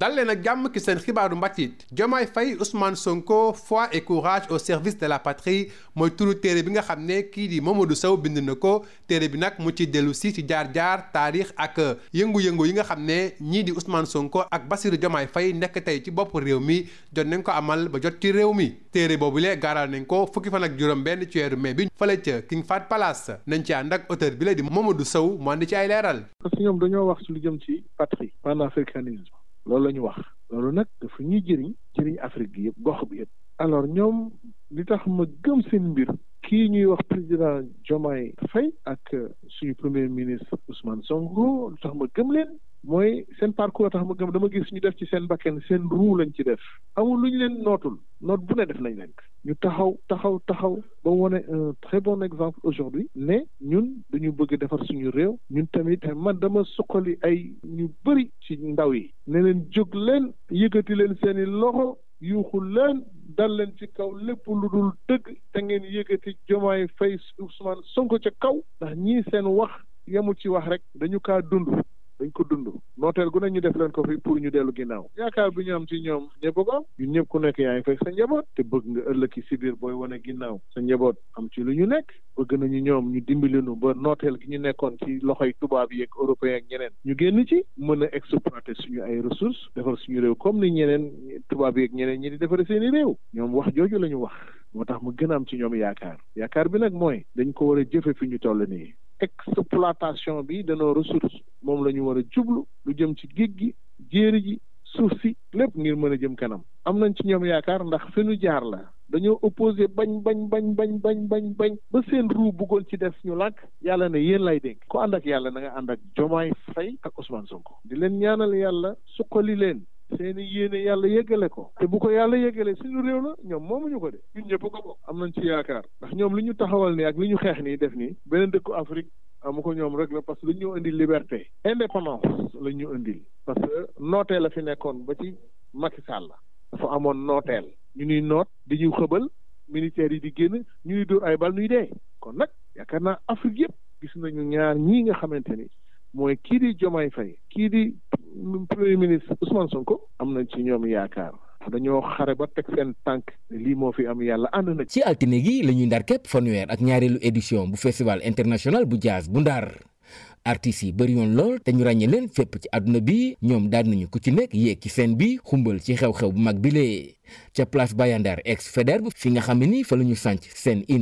dal leen ak jàmm ki seen xibaaru mbatit Diomaye Faye Ousmane Sonko fois et courage au service de la patrie mooy turu téere bi nga xam ne kii di du sew bind na ko téere bi nag mu ci dellu si ci jaar-jaar taarix ak yëngu-yëngu yi nga xam ne ñii di Ousmane Sonko ak Bassirou Diomaye Faye nekk tey ci bopp réew mi jot nañ ko amal ba jot ci réew mi téere boobu lee gaaral nañ ko fukki fan ak juróom benn ci weeru bi fële ca King Fahd Palace nañ ci ànd ak auteur bi la di Mamadou Sow mu ci ay leeral ñoom dañoo wax ci lu jëm ci patrie panafricanisme loolu la ñu wax loolu nag dafa ñuy jëriñ jëriñ Afrique bi yëpp gox bi yëpp alors ñoom li tax ma gëm seen mbir kii ñuy wax président Diomaye Faye ak suñu premier ministre Ousmane Sonko li tax ma gëm leen mooy seen parcours tax ma gëm dama gis ñu def ci seen bakken seen ruu lañ ci def amul lu ñu leen nootul noot bu ne def nañ leen ñu taxaw taxaw taxaw ba wone un très bon exemple aujourd'hui ne ñun dañu bëgg defar suñu réew ñun tamit man dama suqali ay ñu bëri ci ndaw yi ne leen jóg leen yëkkati leen seeni loxo yuuxu leen dal leen ci kaw lépp lu dul dëgg te ngeen yëkkati Diomaye Faye Ousmane Sonko ca kaw ndax ñii seen wax yamu ci wax rek dañu kaa dund dañ ko dund nooteel gu ne ñu def leen ko fi pour ñu dellu ginnaaw yaakaar bi ñu am ci ñoom ñëpp ko am ñun ku nekk yaa ngi sa njaboot te bëgg nga ëllëg si biir booy wane ginnaaw sa njaboot am ci lu ñu nekk bëgg nañu ñoom ñu dimbali nu ba nooteel gi ñu nekkoon ci loxo yi tubaab yeeg européen ak ñeneen ñu génn ci mën a exploiter suñu ay ressources defar suñu réew comme ni ñeneen tubaab yeeg ñeneen ñi di defare seeni réew ñoom wax jooju la ñu wax moo tax mu gën a am ci ñoom yaakaar yaakaar bi nag mooy dañ ko war a jëfe fi ñu toll nii exploitation bi de nos ressources moom la ñu war a jublu lu jëm ci géej gi jéeri ji suuf si lépp ngir mën a jëm kanam am nañ ci ñoom yaakaar ndax fi ñu jaar la dañoo opposé bañ bañ bañ bañ bañ bañ bañ ba seen ru bëggoon ci def ñu làkk yàlla ne yéen lay dénk ku ànd ak yàlla na nga ànd ak Jomaay Fay ak Ousmane Sonko di leen ñaanal yàlla suqali leen seeni yéene yàlla yëggale ko te bu ko yàlla yëggalee suñu réew la ñoom moomuñu ko de ñun ñëpp ko bokk am nañ ci yaakaar ndax ñoom li ñu taxawal nii ak li ñu xeex nii def nii beneen dëkku Afrique amu ko ñoom rek la parce que dañ ñoo indil liberté indépendance lañ ñu indil parce que nooteel la fi nekkoon ba ci Macky Sall dafa amoon nooteel ñu ñuy noot di ñu xëbal militaires yi di génn ñuy dóor ay bal ñuy dee kon nag yaakaar naa Afrique yëpp gis nañu ñaar ñii nga xamante ni mooy kii di Diomaye Faye kii di premier ministre Ousmane Sonko am nañ ci ñoom yaakaar dañoo xare ba teg seen tànk lii moo fi am yàlla ànd na ci altine gi la ñuy ndar képp fanweer ak ñaareelu édition bu festival international bu jaas bu ndar artistes yi bëri lool te ñu ràññee leen fépp ci àdduna bi ñoom daan nañu ku ci nekk yéeg ci bi xumbal ci xew-xew bu mag bi lee ca place Bayandar ex fi nga xam ne ni fa la ñu sànc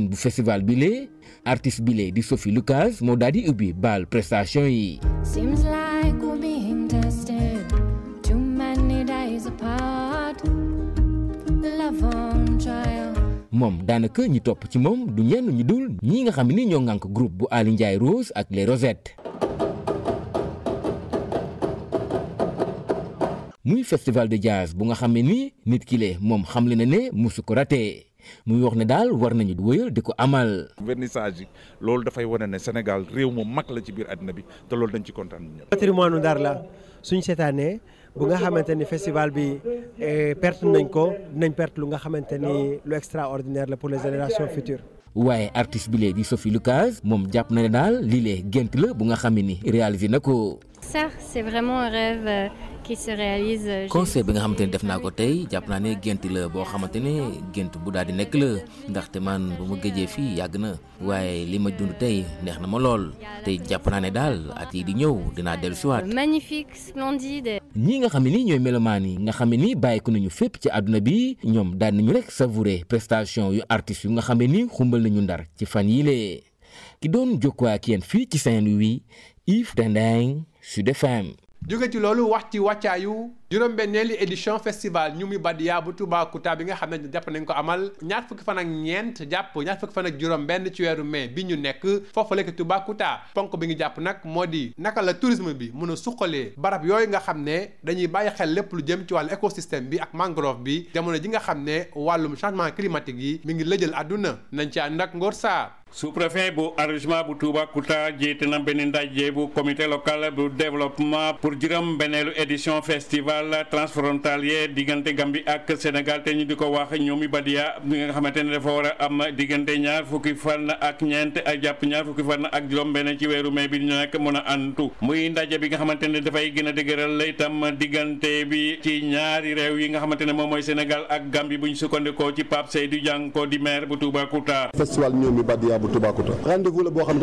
bu festival bi lee artiste di Sophie Lucas moo daal di ubbi baal prestation yi. moom daanaka ñi topp ci moom du ñenn ñu dul ñii nga xam ni ñoo ngànk groupe bu Ali Ndiaye Rose ak les Rosettes muy festival de jazz bu nga xamee ne ni nit ki le moom xamle na ne musu ko ratee muy wax ne daal war nañu wëyal di ko amal. vernissage yi loolu dafay wane ne Sénégal réew mu mag la ci biir àddina bi te loolu dañ ci kontaan ñëpp. patrimoine Ndar la suñ seetaanee bu nga xamante ni festival bi eh, perte nañ ko dinañ perte lu nga xamante ni lu extraordinaire la pour les générations futures. waaye artiste bi lee di Sophie Lucas moom jàpp na ne daal lii lee gént la bu nga xam ne ni réalisé na ko. ça euh, euh, conseil bi nga xamante ne def naa ko tey jàpp naa ne gént la boo xamante ne gént bu daal di nekk la ndaxte man bu ma géejee fii yàgg na waaye li ma dund tey neex na ma lool tey jàpp naa ne daal at yi di ñëw dinaa dellu si waat. ñii nga xam ne nii ñooy melomaan yi nga xam ne nii bàyyeeku nañu fépp ci àdduna bi ñoom daan nañu rek savourer prestation yu artistes yu nga xam ne nii xumbal nañu ndar ci fan yi lee ki doon jokkoo ak yéen fii ci saint wi Yves Tendeng Sud FM. jóge ci loolu wax ci wàccaayu juróom-benneeli édition festival Ñummi Badiyaa bu Toubacouta bi nga xam ne jàpp nañ ko amal ñaar fukki fan ak ñeent jàpp ñaar fukki fan ak juróom-benn ci weeru mai bi ñu nekk foofu lekk Toubacouta ponk bi ngi jàpp nag moo di naka la tourisme bi mën a suqalee barab yooyu nga xam ne dañuy bàyyi xel lépp lu jëm ci wàllu écosystème bi ak mangrove bi jamono ji nga xam ne wàllum changement climatique yi mu ngi lëjal àdduna nañ ci ànd ak Ngor Sarr sous-préfet bu arrondissement bu Toubacouta jiite na benn ndaje bu comité local développement pour juróom-benneelu édition festival littoral transfrontalier diggante Gambie ak Sénégal te ñu di ko wax ñoomi Badia bi nga xamante ne dafa war a am diggante ñaar fukki fan ak ñeent ak jàpp ñaar fukki fan ak juróom-benn ci weeru mai bi ñu nekk mën a antu muy ndaje bi nga xamante ne dafay gën a dëgëral itam diggante bi ci ñaari réew yi nga xamante ne moom mooy Sénégal ak Gambie bu ñu sukkandikoo ci Pape Seydou Dianko di maire bu Toubacouta. festival ñoomi Badia bu Toubacouta. rendez-vous la boo xam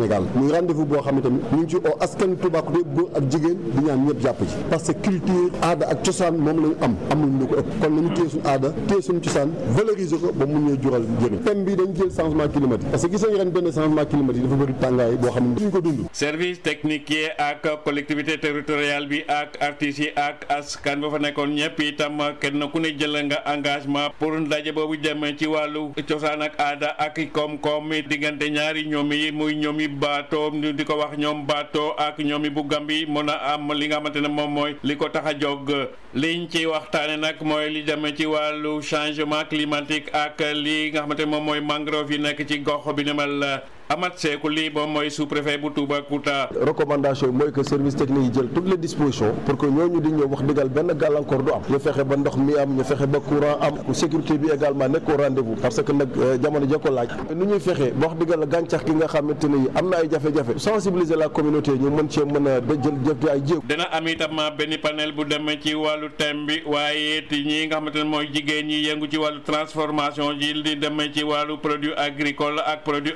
ne muy rendez-vous boo xam ne mu ñu ngi ci oo askan Toubacouta góor ak jigéen di ñaan ñëpp jàpp ci parce que culture aada ak cosaan moom la ñu am amuñ lu ko ëpp kon nañu téye suñu aada téye suñu cosaan valoriser ko ba mun ñoo jural jëriñ thème bi dañ jël changement climatique parce que gis nañ ren benn changement climatique dafa bëri tàngaay boo xam ne duñ ko dund service technique yi ak collectivité territoriale bi ak artistes yi ak askan ba fa nekkoon ñëpp itam kenn ku ne nga engagement pour ndaje boobu demee ci wàllu cosaan ak aada ak koom-koom diggante ñaari ñoom yi muy ñoom yi baax Bato di ko wax ñoom Bato ak ñoom i bu gambi mën a am li nga xamante ne moom mooy li ko tax a jóg liñ ci waxtaane nag mooy li demee ci wàllu changement climatique ak li nga xamante ne moom mooy mangrove yi nekk ci gox bi ni la amat Sékou lii moom mooy sous-préfet bu Toubacouta. recommandation yi mooy que service technique yi jël toutes les dispositions pour que ñooñu di ñëw wax dëggal benn gàllankoor du am ñu fexe ba ndox mi am ñu fexe ba courant am sécurité bi également nekk au parce que nag euh, jamono ja ko laaj nu ñuy fexe ba wax dëggal gàncax gi nga xamante ne am na ay jafe-jafe sensibiliser la communauté ñu mën cee mën a jël jëf ay jéego. dina am itam benn panel bu demee ci wàllu thème bi waaye it ñi nga xamante ne mooy jigéen ñi yëngu ci wàllu transformation ji di demee ci wàllu produit agricole ak produit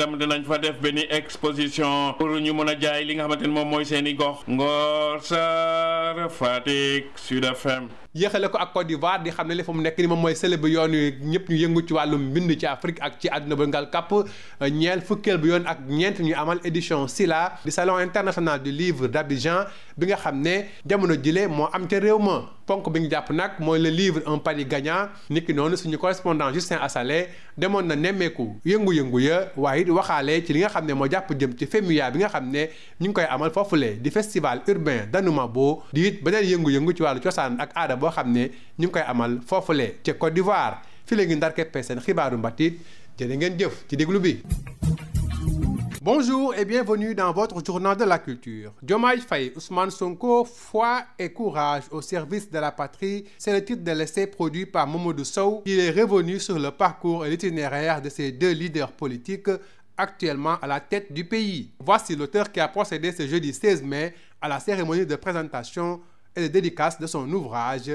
itam dinañ fa def benn exposition pour ñu mën a jaay li nga xamante ni moom mooy seeni i gox Ngor Sarr Fatick Sud FM yéexale ko ak Côte d'Ivoire di xam ne li fa mu nekk ni moom mooy sële bi yoon yu ñëpp ñu yëngu ci wàllu mbind ci Afrique ak ci àdduna ba ngal kàpp ñeel fukkeel bi yoon ak ñeent ñu amal édition SILA di salon international du livre d'Abidjan bi nga xam ne jamono jile moo am ca réew ma ponk bi ñu jàpp nag mooy le livre un pari gagnant niki noonu suñu correspondant Justin Assalé demoon na nemmeeku yëngu-yëngu ya waaye it waxaale ci li nga xam ne moo jàpp jëm ci FEMUYA bi nga xam ne ñu ngi koy amal foofule di festival urbain d'Anoumabo di it beneen yëngu-yëngu ci wàllu cosaan ak aada boo xam ne ñu ngi koy amal foofulee ca Côte d'Ivoire fi la ngi seen xibaaru mbatit jërë ngeen jëf ci déglu bi Bonjour et bienvenue dans votre journal de la culture. Diomaye Faye, Ousmane Sonko, foi et courage au service de la patrie, c'est le titre de l'essai produit par Mamadou Sow. Il est revenu sur le parcours et l'itinéraire de ces deux leaders politiques actuellement à la tête du pays. Voici l'auteur qui a procédé ce jeudi mai à la cérémonie de présentation et de dédicace de son ouvrage.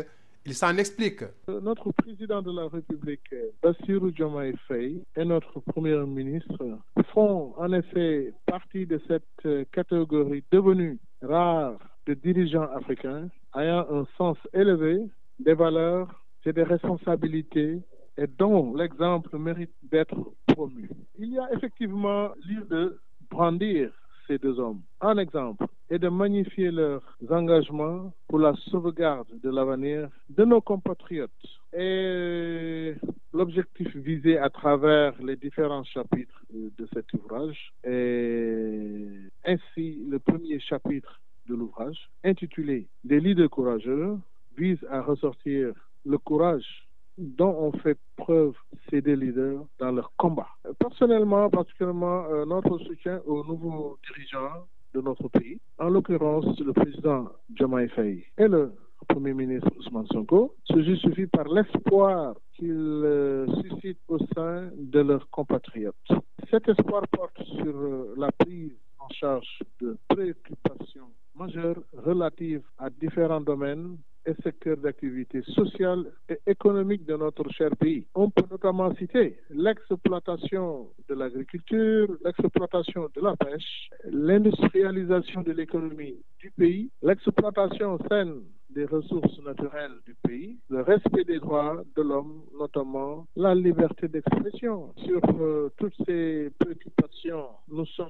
Il s'en explique. Notre président de la République, Bassirou Diomaye Faye, et notre premier ministre font en effet partie de cette euh, catégorie devenue rare de dirigeants africains ayant un sens élevé des valeurs et des responsabilités et dont l'exemple mérite d'être promu. Il y a effectivement lieu de brandir ces deux hommes en exemple et de magnifier leurs engagements pour la sauvegarde de l'avenir de nos compatriotes. Et l'objectif visé à travers les différents chapitres de cet ouvrage est ainsi le premier chapitre de l'ouvrage intitulé Des leaders courageux vise à ressortir le courage dont ont fait preuve et des leaders dans leur combat. Personnellement, particulièrement, euh, notre soutien aux nouveaux dirigeants de notre pays, en l'occurrence le président Diomaye Faye et le Premier ministre Ousmane Sonko, se justifie par l'espoir qu'ils euh, au sein de leurs compatriotes. Cet espoir porte sur euh, la prise en charge de préoccupations majeures relatives à différents domaines et secteurs d'activité sociale et économique de notre cher pays. On peut notamment citer l'exploitation de l'agriculture, l'exploitation de la pêche, l'industrialisation de l'économie du pays, l'exploitation saine des ressources naturelles du pays, le respect des droits de l'homme, notamment la liberté d'expression. Sur euh, toutes ces préoccupations, nous sommes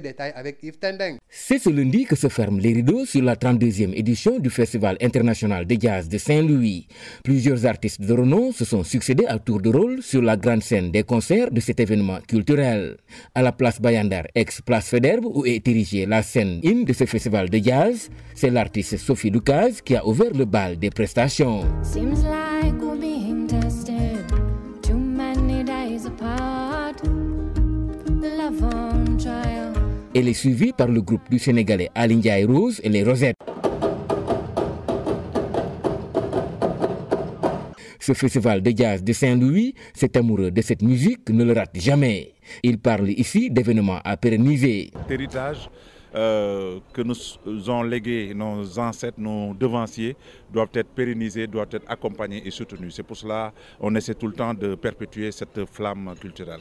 les détails avec Yves Tendeng. C'est ce lundi que se ferment les rideaux sur la 32e édition du Festival international de jazz de Saint-Louis. Plusieurs artistes de renom se sont succédés à tour de rôle sur la grande scène des concerts de cet événement culturel. À la place Bayandar, ex-place Faidherbe, où est érigée la scène in de ce festival de jazz, c'est l'artiste Sophie Lucas qui a ouvert le bal des prestations. Elle est suivie par le groupe du Sénégalais Alindiaï Rose et les Rosettes. Ce festival de jazz de Saint-Louis, cet amoureux de cette musique ne le rate jamais. Il parle ici d'événements à pérenniser. Euh, que nous ont légué nos ancêtres, nos devanciers, doivent être pérennisés, doivent être accompagnés et soutenus. C'est pour cela qu'on essaie tout le temps de perpétuer cette flamme culturelle.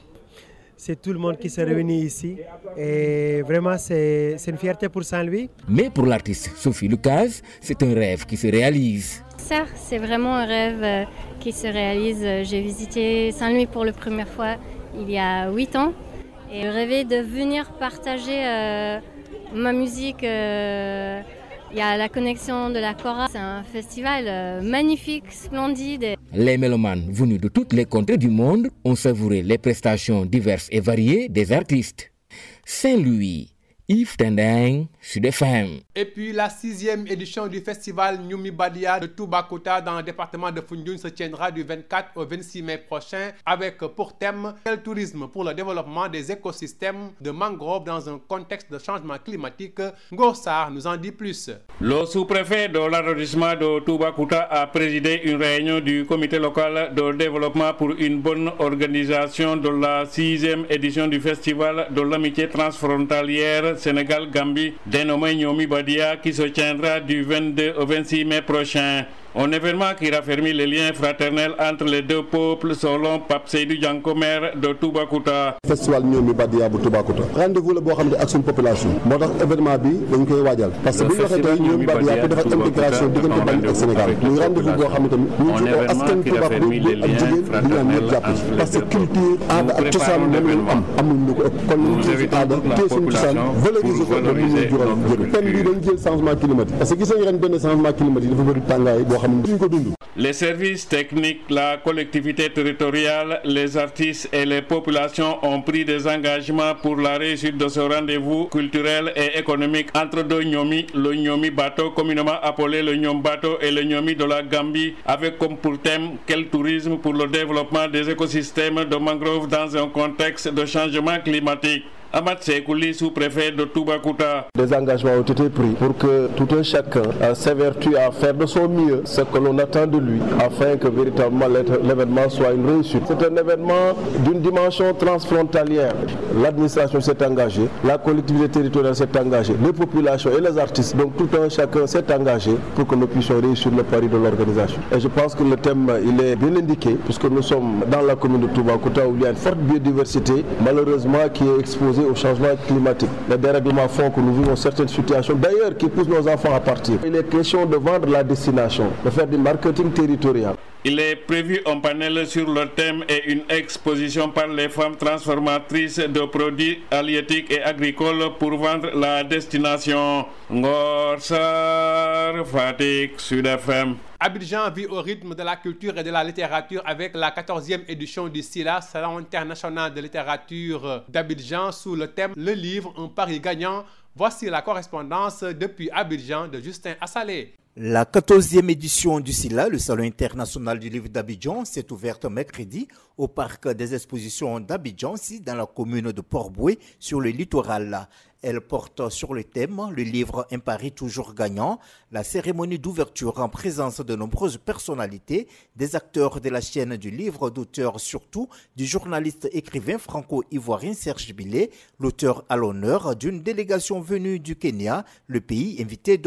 c'est tout le monde qui se réunit ici et vraiment c'est une fierté pour Saint-Louis. Mais pour l'artiste Sophie Lucas, c'est un rêve qui se réalise. Ça, c'est vraiment un rêve euh, qui se réalise. Euh, j'ai visité Saint-Louis pour la première fois il y a 8 ans et rêvé de venir partager euh, ma musique. Euh, Il y a la connexion de la Cora, c'est un festival euh, magnifique, splendide. Les mélomanes venus de toutes les contrées du monde ont savouré les prestations diverses et variées des artistes. Saint-Louis Yves Tendeng, Sud la sixième édition du festival Ñumi Badia de dans le département de Foundiougne se tiendra du 24 au 26 mai prochain pour thème quel des écosystèmes de mangroves dans un contexte de changement climatique. Ngor Sarr nous plus. Le sous de l'arrondissement de Toubacouta a présidé une réunion du pour une bonne organisation de la Sénégal-Gambie dénommé Nyomi Badia qui se tiendra du 22 au 26 mai prochain. Un événement qui raffermit les liens fraternels entre les festival ñoom mi Badia bu la boo xam ne ak suñu population. moo tax événement bi dañ koy waajal. parce que bu ñu waxee tey ñoom intégration diggante Bali ak Sénégal muy rendez boo xam ne tamit ñu ngi ci askan Toubacouta bu ak jigéen di ñaan jàpp parce que culture aada ak cosaan moom la ñu am amuñu lu ko kon ñu téye suñu aada téye cosaan valoriser ko ba ñu jural jëriñ. thème bi dañ jël changement climatique parce que gis nañu ren benn xam ne ko dund. Les services techniques, la collectivité territoriale, les artistes et les populations ont pris des engagements pour la réussite de ce rendez-vous culturel et économique entre deux Nyomi, le Nyomi Bato, communément appelé le Nyom Bato et le Nyomi de la Gambie, avec comme pour thème quel tourisme pour le développement des écosystèmes de mangroves dans un contexte de changement climatique. Amat Sekouli, sous-préfet de Toubacouta. Des engagements ont été pris pour que tout un chacun s'évertue à faire de son mieux ce que l'on attend de lui afin que véritablement l'événement soit une réussite. C'est un événement d'une dimension transfrontalière. L'administration s'est engagée, la collectivité territoriale s'est engagée, les populations et les artistes, donc tout un chacun s'est engagé pour que nous puissions réussir le pari de l'organisation. exposés au changement climatique. Les dérèglements font que nous vivons certaines situations, d'ailleurs, qui poussent nos enfants à partir. Il est question de vendre la destination, de faire du marketing territorial. Il est prévu un panel sur le thème et une exposition par les femmes transformatrices de produits halieutiques et agricoles pour vendre la destination. Ngor Sar Fatick, Sud FM. Abidjan vit au rythme de la culture et de la littérature avec la 14e édition du SILA, Salon international de littérature d'Abidjan, sous le thème Le livre, un pari gagnant. Voici la correspondance depuis Abidjan de Justin Assalé. La 14e édition du SILA, le Salon international du livre d'Abidjan, s'est ouverte mercredi au parc des expositions d'Abidjan, dans la commune de Port-Boué, sur le littoral. Elle porte sur le thème Le livre Un toujours gagnant. La cérémonie d'ouverture en présence de nombreuses personnalités, des acteurs de la chaîne du livre, d'auteurs surtout, du journaliste écrivain franco-ivoirien Serge l'auteur à l'honneur d'une délégation venue du Kenya, invité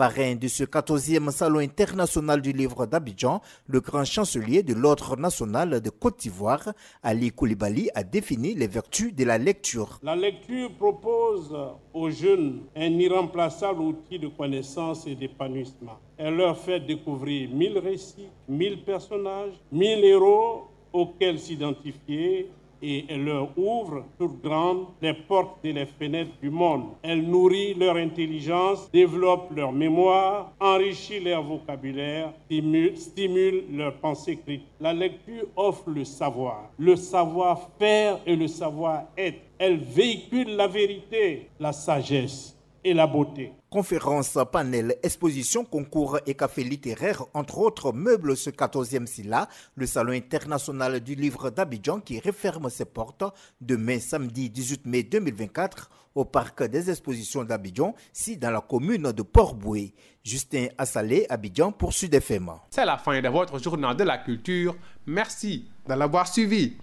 Parrain de ce 14e Salon international du livre d'Abidjan, le grand chancelier de l'Ordre national de Côte d'Ivoire, Ali Koulibaly, a défini les vertus de la lecture. propose aux jeunes un irremplaçable outil de connaissance et d'épanouissement. Elle leur fait découvrir mille récits, mille personnages, mille héros auxquels s'identifier et elle leur ouvre toutes grandes les portes et les fenêtres du monde. Elle nourrit leur intelligence, développe leur mémoire, enrichit leur vocabulaire, stimule, stimule leur pensée La lecture offre le savoir, le le savoir-être. Elle véhicule la vérité, la sagesse et la beauté. Conférences, panels, expositions, concours et cafés littéraires, entre autres, meubles ce 14e SILA, le Salon international du livre d'Abidjan qui referme ses portes demain samedi 18 mai 2024 au parc des expositions d'Abidjan, si dans la commune de Port-Boué. Justin Assalé, Abidjan, pour Sud FM. C'est la fin de de la culture. Merci de l'avoir suivi.